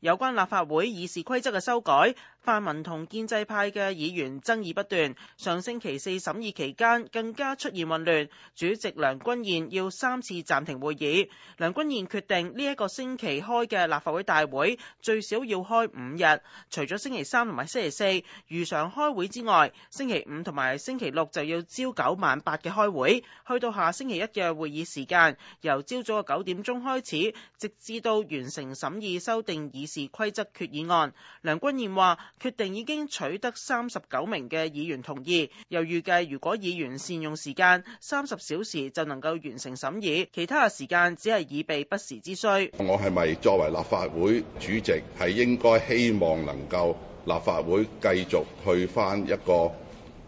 有關立法會議事規則嘅修改，泛民同建制派嘅議員爭議不斷。上星期四審議期間更加出現混亂，主席梁君彥要三次暫停會議。梁君彥決定呢一個星期開嘅立法會大會最少要開五日，除咗星期三同埋星期四如常開會之外，星期五同埋星期六就要朝九晚八嘅開會。去到下星期一嘅會議時間，由朝早嘅九點鐘開始，直至到完成審議修訂議事規則決議案，梁君彥話決定已經取得三十九名嘅議員同意，又預計如果議員善用時間，三十小時就能夠完成審議，其他嘅時間只係以備不時之需。我係咪作為立法會主席，係應該希望能夠立法會繼續去返一個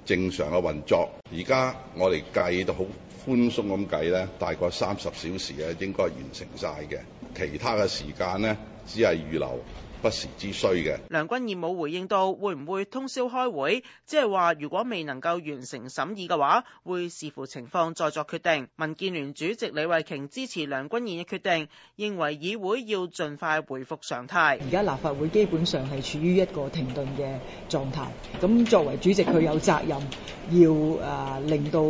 正常嘅運作？而家我哋計到好。寬鬆咁計呢，大概三十小時咧，應該完成晒嘅。其他嘅時間呢，只係預留不時之需嘅。梁君彥冇回應到會唔會通宵開會，即係話如果未能夠完成審議嘅話，會視乎情況再作決定。民建聯主席李慧瓊支持梁君彥嘅決定，認為議會要儘快回復常態，而家立法會基本上係處於一個停頓嘅狀態。咁作為主席佢有責任要誒、呃、令到。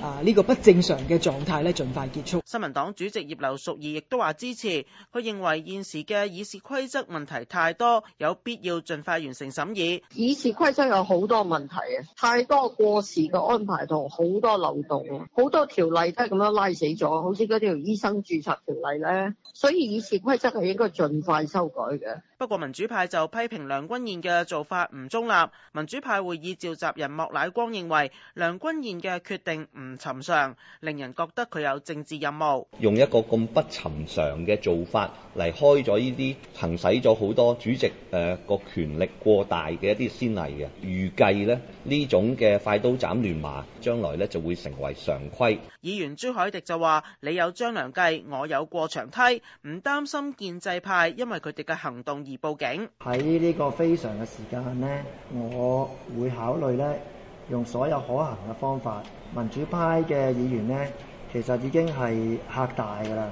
啊！呢個不正常嘅狀態咧，盡快結束。新民黨主席葉劉淑儀亦都話支持，佢認為現時嘅議事規則問題太多，有必要盡快完成審議。議事規則有好多問題啊，太多過時嘅安排同好多漏洞，好多條例都係咁樣拉死咗，好似嗰條醫生註冊條例咧，所以議事規則係應該盡快修改嘅。不過民主派就批評梁君彥嘅做法唔中立。民主派會議召集人莫乃光認為梁君彥嘅決定唔尋常，令人覺得佢有政治任務。用一個咁不尋常嘅做法嚟開咗呢啲，行使咗好多主席誒個權力過大嘅一啲先例嘅。預計呢呢種嘅快刀斬亂麻，將來就會成為常規。議員朱凱迪就話：你有張良計，我有過牆梯，唔擔心建制派，因為佢哋嘅行動。而報警喺呢個非常嘅時間呢，我會考慮呢用所有可行嘅方法。民主派嘅議員呢，其實已經係嚇大㗎啦。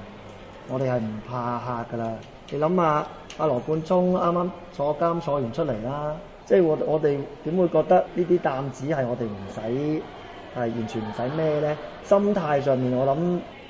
我哋係唔怕嚇㗎啦。你諗下阿羅冠聰啱啱坐監坐完出嚟啦，即係我我哋點會覺得呢啲擔子係我哋唔使係完全唔使孭呢？心態上面，我諗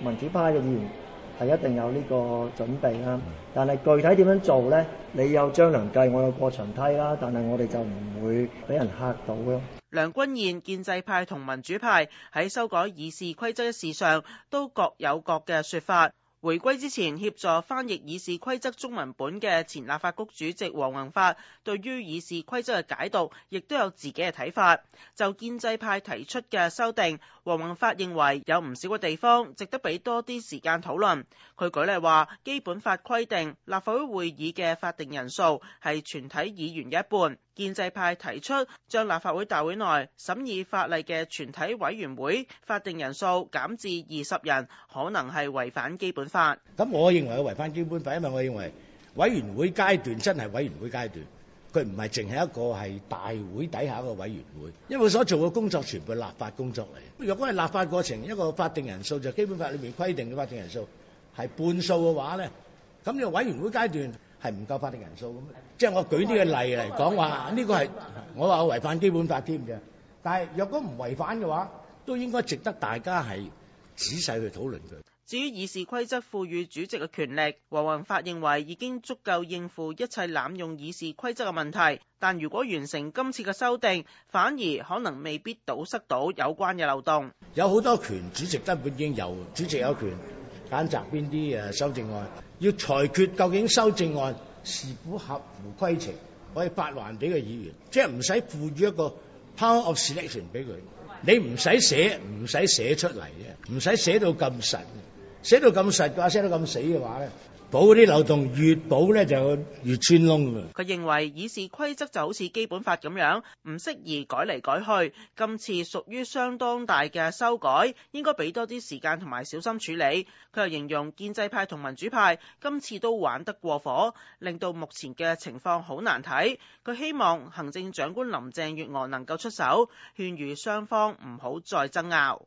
民主派嘅議員。係一定有呢個準備啦，但係具體點樣做咧？你有張良計，我有過牆梯啦，但係我哋就唔會俾人嚇到咯。梁君彥，建制派同民主派喺修改議事規則一事上，都各有各嘅說法。回歸之前協助翻譯議事規則中文本嘅前立法局主席黃宏發，對於議事規則嘅解讀亦都有自己嘅睇法。就建制派提出嘅修訂，黃宏發認為有唔少嘅地方值得俾多啲時間討論。佢舉例話，基本法規定立法會會議嘅法定人數係全體議員嘅一半。建制派提出將立法會大會內審議法例嘅全體委員會法定人數減至二十人，可能係違反基本法。咁我認為佢違反基本法，因為我認為委員會階段真係委員會階段，佢唔係淨係一個係大會底下嘅委員會，因為所做嘅工作全部係立法工作嚟。如果係立法過程，一個法定人數就係、基本法裏面規定嘅法定人數係半數嘅話咧，咁就委員會階段。係唔夠法定人數咁，即係我舉啲嘅例嚟講話，呢個係我話違反基本法添嘅。但係若果唔違反嘅話，都應該值得大家係仔細去討論佢。至於議事規則賦予主席嘅權力，黃宏發認為已經足夠應付一切濫用議事規則嘅問題。但如果完成今次嘅修訂，反而可能未必堵塞到有關嘅漏洞。有好多權，主席根本已經由主席有權選擇邊啲誒修正案。要裁決究竟修正案是否合乎規程，可以發還俾個議員，即係唔使賦予一個 power of selection 俾佢，你唔使寫，唔使寫出嚟嘅，唔使寫到咁實。寫到咁實，話寫到咁死嘅話咧，補嗰啲漏洞越補咧就越穿窿。佢認為議事規則就好似基本法咁樣，唔適宜改嚟改去。今次屬於相當大嘅修改，應該俾多啲時間同埋小心處理。佢又形容建制派同民主派今次都玩得過火，令到目前嘅情況好難睇。佢希望行政長官林鄭月娥能夠出手勸喻雙方唔好再爭拗。